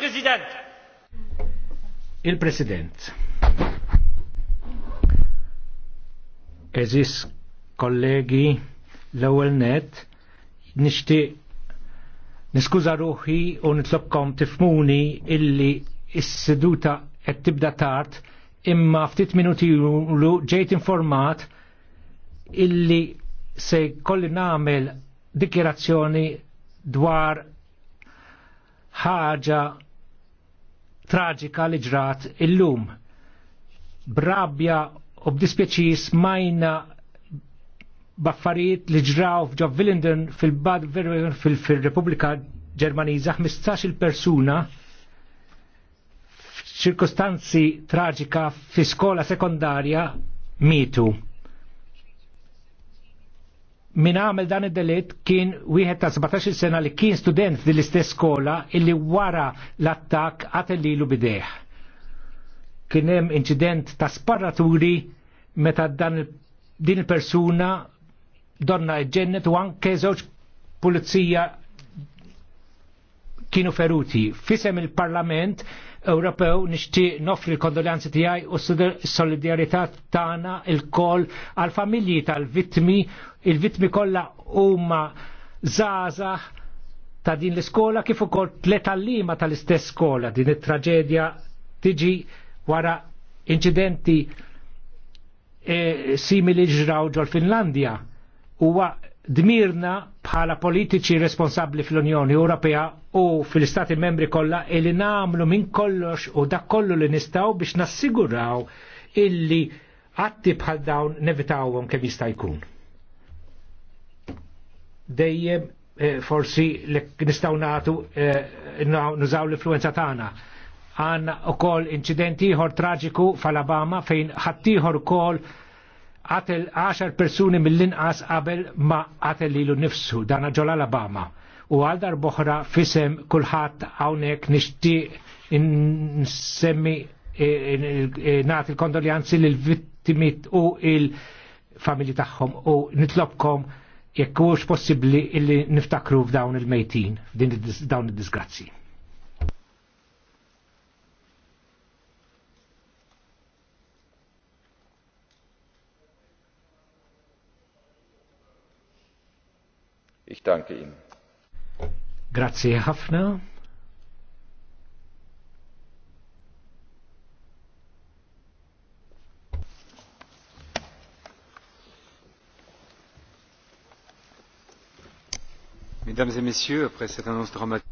President. Il-President. Eżis kollegi l-ewwel net nixtieq niskuza ruħi u nitlobkom tifmuni illi is-seduta qed tibda tard imma ftit minuti lu ġejt informat illi se kolli nagħmel dikjerazzjoni dwar ħaġa traġika li ġrat illum. Brabja u b'dispieċis majna baffariet li ġraw f'Job Willenden fil-Bad fil-Repubblika Ġermaniża 15 il-persuna f'ċirkostanzi traġika fi skola sekondarja mitu min għamel dan id-delitt kien wieħed ta' 17 sena li kien student fil-istess skola illi wara l-attak għatel lilu bideħ. Kien hemm incident ta' sparraturi meta dan din il-persuna donna ġennet u anke żewġ pulizija kienu feruti. Fisem il-Parlament Ewropew nixtieq nofri l-kondoljanzi tiegħi u s-solidarjetà tagħna il-koll għall-familji tal-vittmi, il-vittmi kollha huma żgħażagħ ta' din l-iskola kif ukoll tlet tal-istess skola din it-traġedja tiġi wara inċidenti e, simili ġraw ġol Finlandja huwa dmirna bħala politiċi responsabli fl-Unjoni Ewropea u fil-Stati membri kollha li namlu minn kollox u dak kollu li nistgħu biex nassiguraw illi għatti bħal dawn nevitawhom kemm jista' jkun. Dejjem eh, forsi li nistgħu nagħtu eh, nużaw l-influenza tagħna. Għanna u kol incidenti ħor traġiku fl abama fejn ħaddieħor ukoll qatel 10 persuni mill-inqas qabel ma qatel lilu nifsu dana ġol Alabama u għal darboħra fisem kulħadd hawnhekk nixtieq nsemmi e, e, e, naħt il kondoljanzi lil vittimi u il-familji tagħhom u nitlobkom jekk hux possibbli illi niftakru f'dawn il-mejtin f'din dawn id-disgrazzi. Ich danke Ihnen. Grazie Hafner. Mesdames et messieurs, après cette annonce dramatique.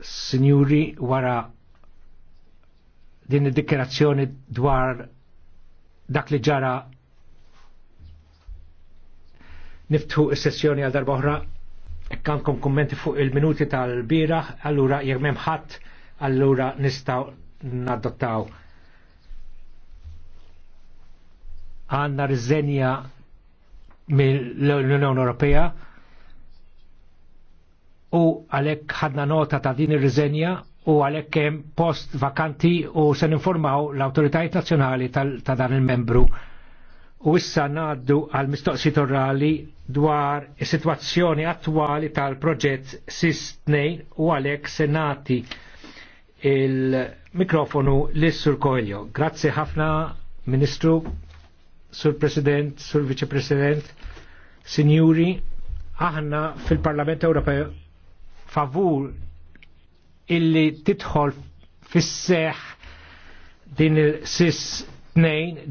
Signori, wara din id-dikjerazzjoni dwar dak li ġara niftu is-sessjoni għal darba oħra Kankom kummenti fuq il-minuti tal bira allura jekk m'hemm ħadd, allura nistgħu nadottaw. Għandna riżenja mill-Unjoni Ewropea u għalhekk ħadna nota ta' din ir-riżenja u għalhekk hemm post vakanti u se ninformaw l-awtoritajiet nazzjonali ta' dan il-membru U issa naddu għal mistoqsit orali dwar is-sitwazzjoni attwali tal-proġett SIS-2 u għalhekk se nagħti il-mikrofonu lis-Sur Koeljo. Grazzi ħafna, Ministru, Sur President, Sur Vice President, Signuri, aħna fil-Parlament Ewropew favur illi titħol fis-seħ din il-SIS 2